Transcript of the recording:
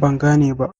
Ban gane ba.